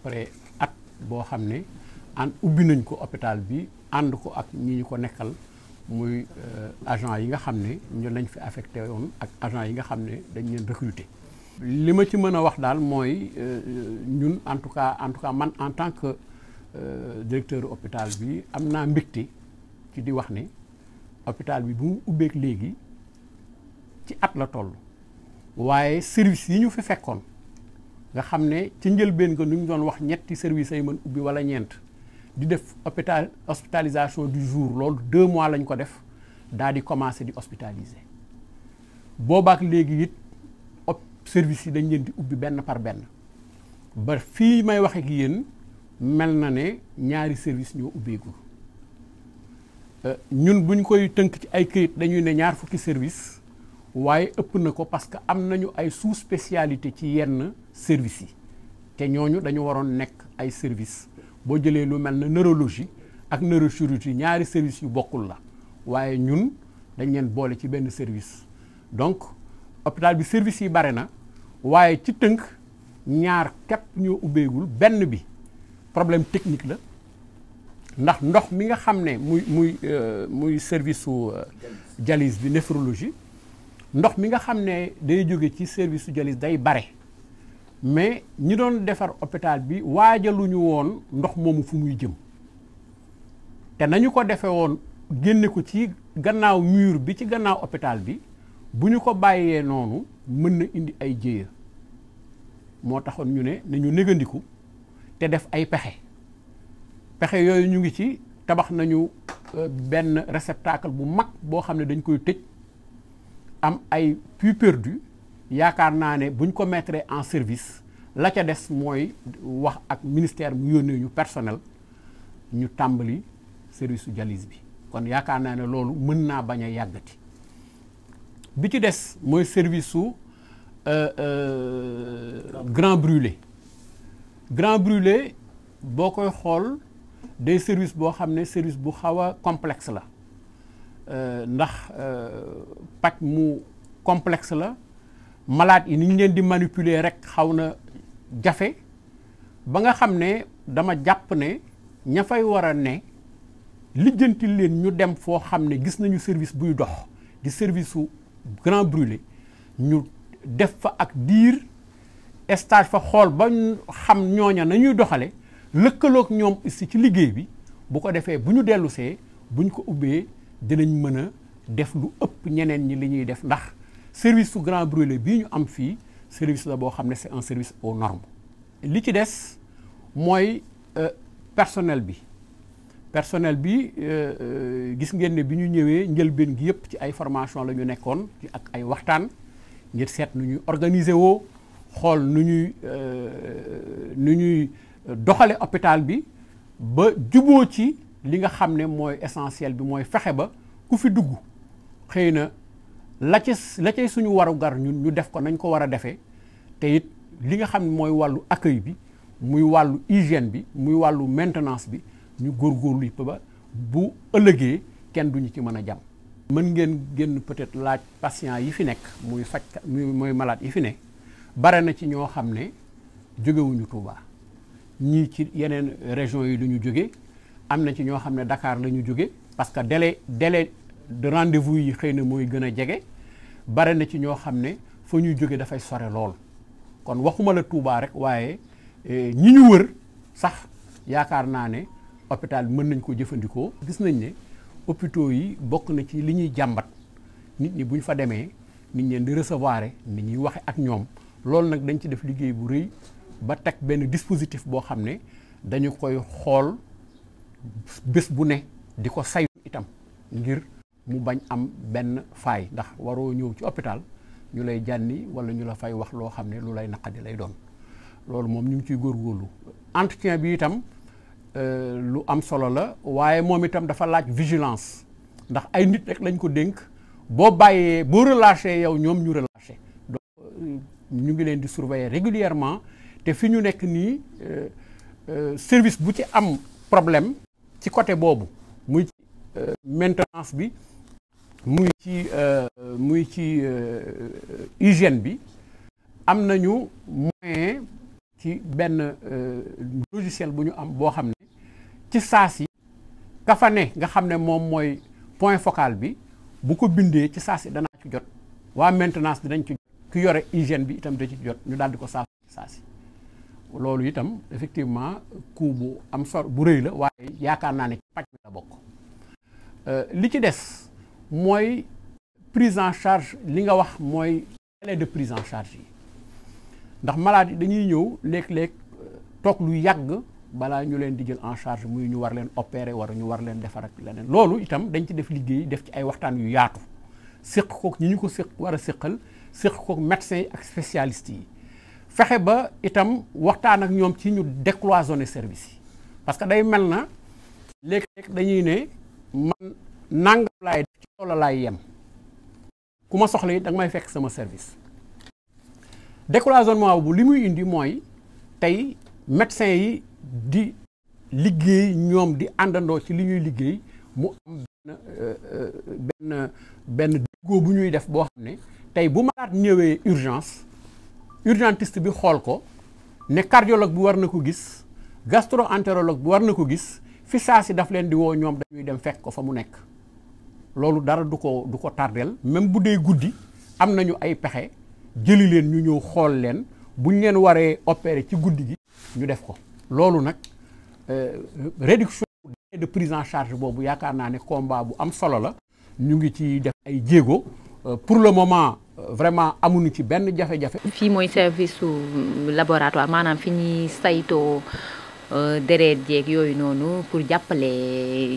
après at boo xam ne an ubbi nañ ko hôpital bi ànd ko ak ñi ñu ko nekkal muy euh, agent yi nga xam ne ñun lañ fi affecte woon ak agent yi nga xam ne dañ leen recruter. li ma ci mën a wax daal mooy euh, ñun en tout cas en tout cas man en tant que euh, directeur hôpital bi am naa mbégte ci di wax ne hôpital bi bu mu ubbeek léegi ci at la toll waaye service yi ñu fi fekkoon. nga xam ne ci njëlbeen ko nu ñu doon wax ñetti service ay mën ubbi wala ñeent di def hôpital hospitalisation du jour loolu deux mois lañ ko def daal di commencé di hospitaliser boobaak léegi it service yi dañ leen ubbi benn par benn ba fii may wax ak mel na ne ñaari service ñoo ubbeegul euh, ñun buñ koy tënk ci ay këyit dañuy ne ñaar fukki service waaye ëpp na ko parce que am nañu ay sous spécialité ci yenn services yi te ñooñu dañu waroon nekk ay service boo jëlee lu mel ne neurologie ak neurochirurgie ñaari service yu bokkul la waaye ñun dañ leen boole ci benn service donc hôpital bi service yi bare na waaye ci tënk ñaar képp ñoo ubbeegul benn bi problème technique la ndax ndox mi nga xam ne muy muy euh, muy service su euh, dialyse bi néphrologie ndox mi nga xam ne day jóge ci service su dialyse day bare mais ñi doon defar hôpital bi waajaluñu woon ndox moomu fu muy jëm te nañu ko defee woon génne ko ci gannaaw mur bi ci gannaaw hôpital bi bu ñu ko bàyyee noonu mën na indi ay jéeya moo taxoon ñu ne ñu négandiku te def ay pexe pexe yooyu ñu ngi ci tabax nañu euh, benn réceptacle bu mag boo xam ne dañ koy tëj am ay puits perdus yaakaar naa ne buñ ko mettre en service la ca des mooy wax ak ministère mu yónnee ñu personnel ñu tàmbali service su dialyse bi kon yaakaar naa ne loolu mën naa bañ a yàggati bi ci des mooy service su euh, euh, grand brûlé grand brûlé boo koy xool des service boo xam ne service bu xaw a complexe la Euh, ndax euh, paj mu complexe la malaat yi ni ñu leen di manipuler rek xaw na jafe ba nga xam ne dama jàpp ne ña fay war ne lijjanti leen ñu dem foo xam ne gis nañu service buy dox di service su Grand Brûlé ñu def fa ak diir stage fa xool ba xam ñooña nañuy doxale lëkkaloog ñoom si ci liggéey bi bu ko defee bu ñu dellusee buñ ko ubbee dinañ mën a def lu ëpp ñeneen ñi li ñuy def ndax service su Grand Brûlé bii ñu am fii service la boo xam ne c'est un service aux normes li ci des mooy euh, personnel bi personnel bi euh, euh, gis ngeen ne bi ñu ñëwee njëlbeen gi yëpp ci ay formation la ñu nekkoon ci ak ay waxtaan ngir seet nu ñuy organiser woo xool nu ñuy nu ñuy doxale hôpital bi ba juboo ci li nga xam ne mooy essentiel bi mooy fexe ba ku fi dugg xëy na la ca la cay suñu warugar ñun ñu def ko nañ ko war a defee te it li nga xam ne mooy wàllu accueil bi muy wàllu hygiène bi muy wàllu maintenance bi ñu góor góorgóorlu yi ba bu ëllëgee kenn duñu ci mën a jam mën ngeen génn peut-être laaj patient yi fi nekk muy faj muy malaat yi fi nekk bare na ci ñoo xam ne jógewuñu Touba ñii ci yeneen région yi lu ñu jóge am na ci ñoo xam ne dakaar la jóge parce que délai délai de rendez-vous yi xëy na mooy gën a jege bare na ci ñoo xam ne foo ñuy jóge dafay sore lool kon waxuma la Touba rek waaye eh, ñi ñu wër sax yaakaar naa ne hôpital mën nañ ko jëfandikoo gis nañ ne hôpitaux yi bokk na ci li ñuy jàmbat nit ñi bu fa demee nit ñeen di recevoir nit ñuy waxe ak ñoom loolu nag dañ ci def liggéey bu rëy ba teg benn dispositif boo xam ne dañu koy xool bés bu ne di ko saytu itam ngir mu bañ am benn faay ndax waroo ñëw ci hôpital ñu lay jànni wala ñu la fay wax loo xam ne lu lay naqadi lay doon loolu moom ñu ngi ciy góor góorgóorlu entretien bi itam euh, lu am solo la waaye moom itam dafa laaj vigilance ndax ay nit rek lañ ko dénk boo bàyyee boo relâché yow ñoom ñu relâché donc euh, ñu ngi leen di surveiller régulièrement te fi ñu nekk nii euh, service bu ci am problème ci côté boobu muy ci euh, maintenance bi muy ci euh, muy ci euh, hygiène bi am nañu moyen ci benn logiciel bu ñu am boo xam ne ci saasi ka fa nga xam ne moom mooy point focal bi bu ko bindee ci saasi dana ci jot waa maintenance dinañ ci jot ki yore hygiène bi itam da ci jot ñu daal di ko saasi ci saasi loolu itam effectivement coût bu am sol bu rëy la waaye yaakaar naa ne pàcc bi la bokk euh, li ci des mooy prise en charge li nga wax mooy délai de prise en charge yi ndax malade dañuy ñëw léeg-léeg euh, toog lu yàgg balaa ñu leen di jël en charge muy ñu war leen opérer war ñu war leen defar ak leneen loolu itam dañ ci def liggéey def ci ay waxtaan yu yaatu séq kook ñu ñu ko séq war a séqal séq kook médecins yi ak spécialistes yi fexe ba itam waxtaan ak ñoom ci ñu décloisonner service yi parce que day mel na léeg dañuy ne man nangam ci loola laay yem ku ma soxla yi da may fekk sama service décloisonnement bu li muy indi mooy tey médecin yi di liggéey ñoom di àndandoo ci li ñuy liggéey mu am benn euh, euh, benn benn bu ñuy def boo xam ne tey bu malaat ñëwee urgence urgentiste bi xool ko ne cardiologue bi war na ko gis gastroentérologue bi war na ko gis fi saa si daf leen di woo ñoom dañuy dem fekk ko fa mu nekk loolu dara du ko du ko tardeel même bu dee guddi am na ñu ay pexe jëli leen ñu ñëw xool leen buñ leen waree opérer ci guddi gi ñu def ko loolu nag euh, réduction de prise en charge boobu yaakaar naa ne combat bu am solo la ñu ngi ci def ay jéego euh, pour le moment vraiment amuñu ci benn jafe-jafe. fii mooy service su laboratoire maanaam fi ñuy sayto Euh, déret jeeg yooyu noonu pour jàppale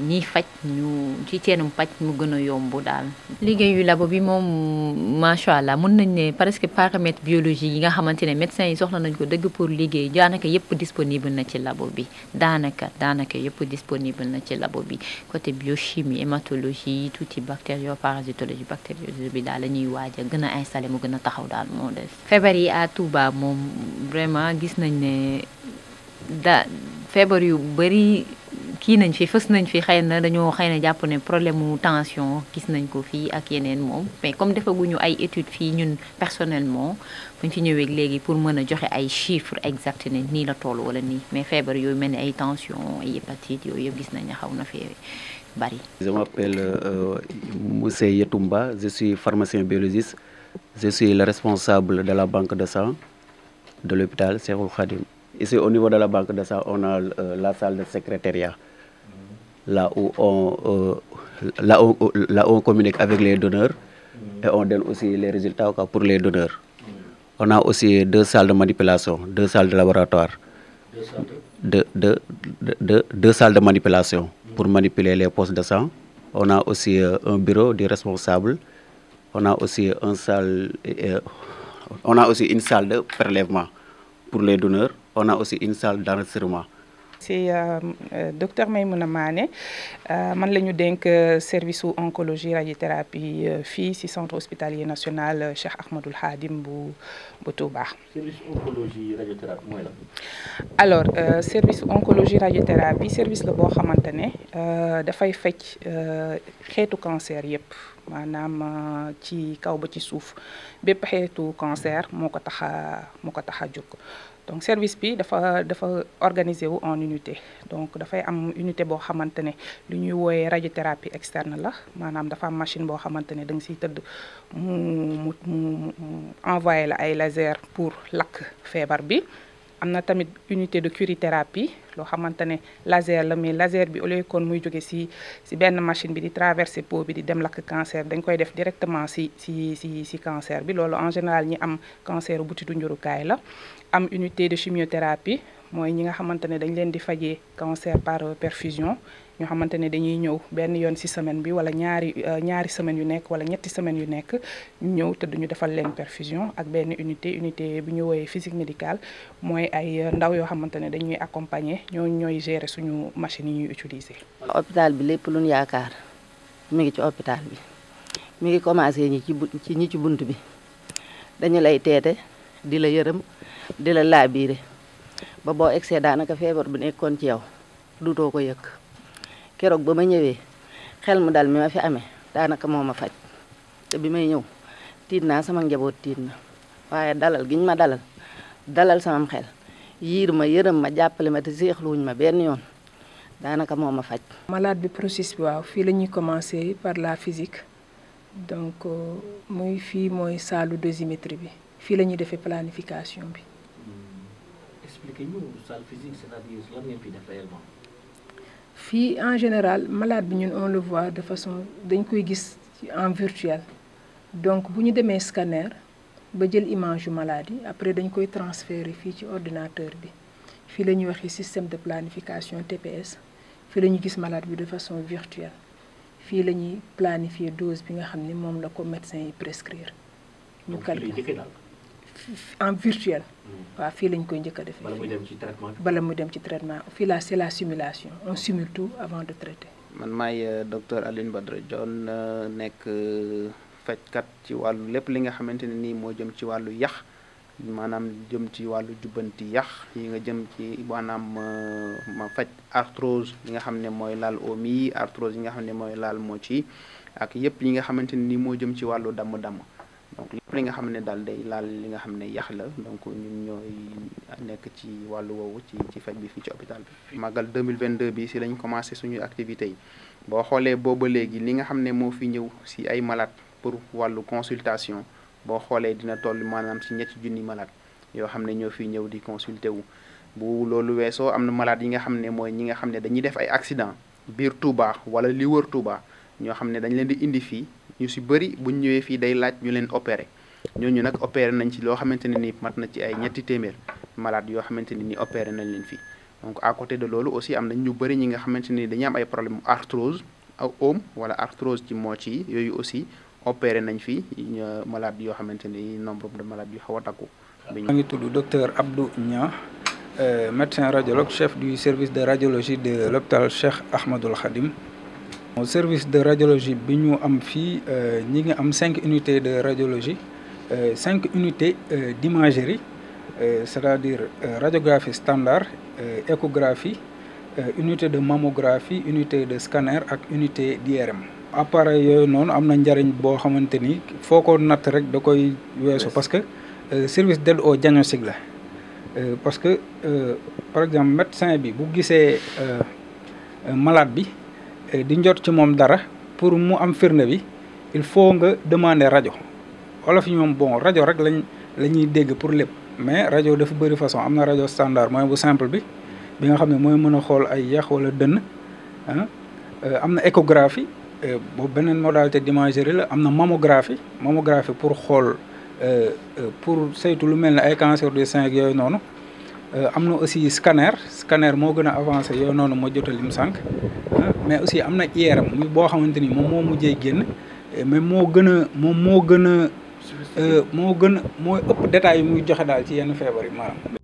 ñiy faj ñu ci seenum paj mu gën a yomb daal. liggéeyu labo bi moom macha allah mën nañ ne presque paramètres biologiques yi nga xamante ne médecins yi soxla nañ ko dëgg pour liggéey daanaka yëpp disponible na ci labo bi daanaka daanaka yëpp disponible na ci labo bi côté biochimie hématologie tuuti bactérioparasitologie bactériologie bi daal la ñuy waaj a gën a mu gën a taxaw daal moo des. feebar yi à Touba moom vraiment gis nañ ne. da feebar yu bëri kii nañ fi fës nañ fi xëy na dañoo xëy na jàpp ne problème mu tension gis nañ ko fii ak yeneen moom mais comme defaguñu ay études fii ñun personnellement buñ fi ñëwee léegi pour mën a joxe ay chiffres exact ne nii la tool wala nii mais feebar yooyu mel ni ay tension ay hépatite yooyu yëpp gis nañ ne xaw na fee bëri. je m'appelle euh, Moussé Yetumba je suis pharmacien biologiste je suis responsable de la banque de sang de l'hôpital Cheikhoul Khadim Ici, au niveau de la banque de ça, on a euh, la salle de secrétariat, là on, euh, là on communique avec les donneurs et on donne aussi les résultats pour les donneurs. On a aussi deux salles de manipulation, deux salles de laboratoire, deux salles de, de, de, deux salles manipulation pour manipuler les postes de sang. On a aussi euh, un bureau du responsable. On a aussi un salle, euh, aussi une salle de prélèvement pour les donneurs. on a aussi une salle d'enregistrement. c'est euh, euh, docteur Maymouna Mané euh, man la ñu dénk service su oncologie radiothérapie fii ci centre hospitalier national Cheikh Ahmadoul Khadim bu bu Touba. service oncologie radiothérapie service oncologie radiothérapie service la boo xamante ne dafay faj xeetu cancer yépp maanaam ci kaw ba ci suuf bépp xeetu cancer moo ko tax a moo ko tax a jóg. donc service bi dafa dafa organiser wu en unité donc dafay am unité boo xamante ne lu ñuy wooyee radiothérapie externe la maanaam dafa am machine boo xamante ne da siy tëdd mu mu mu envoyé la ay laser pour lakk feebar bi am na tamit unité de curithérapie loo xamante ne laser la mais laser bi au kon muy jóge si si benn machine bi di traversé peau bi di dem lakk cancer dañ koy def directement si si si si cancer bi loolu en général ñi am cancer butitu njurukaay la am unité de chimiothérapie mooy ñi nga xamante ne dañ leen di fajee cancer par euh, perfusion ñoo xamante ne dañuy ñëw benn yoon ci semaine bi wala ñaari euh, ñaari semaines yu nekk wala ñetti semaines yu nekk ñëw te duñu defal leen perfusion ak benn unité unité bu ñu woowee physique médicale mooy ay euh, ndaw yoo xamante ne dañuy accompagner ñoo ñooy gérer suñu machines yi ñuy utiliser. hôpital bi lépp luñu yaakaar mi ngi ci hôpital bi mi ngi commencé ñi ci ci ñi ci bunt bi dañu lay teete di la yërëm di la laabiire ba boo egsee daanaka feebar bu nekkoon ci yow duutoo ko yëkk keroog ba ma ñëwee xel mu dal mi ma fi amee daanaka moom ma faj te bi may ñëw tiit naa sama njaboot tiit na waaye dalal giñ ma dalal dalal samam xel yiir ma yërëm ma jàppale ma te seexluwuñ ma benn yoon daanaka moom ma faj. malaat bi process bi waaw fii la ñuy commencé par la physique donc euh, muy fii mooy saalu dosimétrie bi fii la ñuy defee planification bi. Hmm. expliquez-nous fii en général malade bi ñun on le voit de façon dañ koy gis ci en virtuel donc bu ñu demee scanner ba jël image yu malade yi après dañ koy transférer fii ci ordinateur bi fii la ñuy waxee système de planification TPS fii la ñu gis malade bi de façon virtuelle fii la ñuy planifier dose bi nga xam ne moom la ko médecin yi prescrire ñu calculer en virtuel. Mm. waaw fii lañ koy njëkk a defee. bala muy dem ci traitement bala muy dem ci traitement fii la c'est la simulation on simule tout avant de traiter. man may euh, docteur Alioune Badara Dione euh, nekk euh, fajkat ci wàllu lépp li nga xamante ne nii moo jëm ci wàllu yax maanaam jëm ci wàllu jubbanti yax yi nga jëm ci maanaam ma faj arthrose yi nga xam ne mooy laal omi arthrose yi nga xam ne mooy laal moo ci ak yépp yi nga xamante ne nii moo jëm ci wàllu damm-damm. donc lépp li nga xam ne daal day laal li nga xam ne yax la donc ñu ñooy nekk ci wàllu woowu ci ci faj bi fii ci hôpital bi. vingt 2022 bi si lañ commencé suñuy activités yi boo xoolee booba léegi li nga xam ne moo fi ñëw si ay malaat pour wàllu consultation boo xoolee dina toll maanaam si ñetti junni malaat yoo xam ne ñoo fi ñëw di consulter wu. bu loolu weesoo am na malade yi nga xam ne mooy ñi nga xam ne dañuy def ay accident biir Touba wala li wër Touba ñoo xam ne dañ leen di indi fii. ñu si bëri buñ ñëwee fii day laaj ñu leen opéré ñooñu nag opéré nañ ci loo xamante ne nii mat na ci ay ñetti téeméer malade yoo xamante ne nii opéré nañ leen fii donc à côté de loolu aussi am nañ ñu bëri ñi nga xamante ni dañu am ay problème arthrose ak oom wala arthrose ci moo ci yooyu aussi opéré nañ fi malade yoo xamante ni nombre de malade yu xaw a takku. maa ngi tudd docteur Abdou Nia euh, médecin radiologue chef du service de radiologie de l'hôpital Cheikh Ahmadoul Khadim Au service de radiologie bi ñu am fii euh, ñi ngi am cinq unités de radiologie euh, cinq unités euh, d'imagerie c'est-à-dire radiographie standard échographie unité de mammographie unité de scanner ak unité d'IRM appareil yooyu noonu am na njariñ boo xamante ni foo ko natt rek da koy weesu parce que service de d'aide au diagnostic la parce que par exemple médecin bi bu gisee malade bi Eh, di njot ci moom dara pour mu am firnde bi il faut nga demander rajo olof yi moom bon rajo rek lañ la ñuy dégg pour lépp mais rajo dafa bëri façon am na rajo standard mooy bu simple bi bi nga xam ne mooy mën a xool ay yax wala dënn ah, eh, am na écographie eh, boobu beneen modalité d'imagerie la am na mammographie mammographie pour xool pour saytu lu mel ni ay cancer du sein yooyu noonu am na aussi scanner scanner moo gën a avancé yooyu noonu moo jotal lim sànq ah. mais aussi am na IRM boo xamante ni moom moo mujjee génn mais moo gën a moom moo gën a euh, moo gën a mooy ëpp détails yu muy joxe daal ci yenn feebar yi maanaam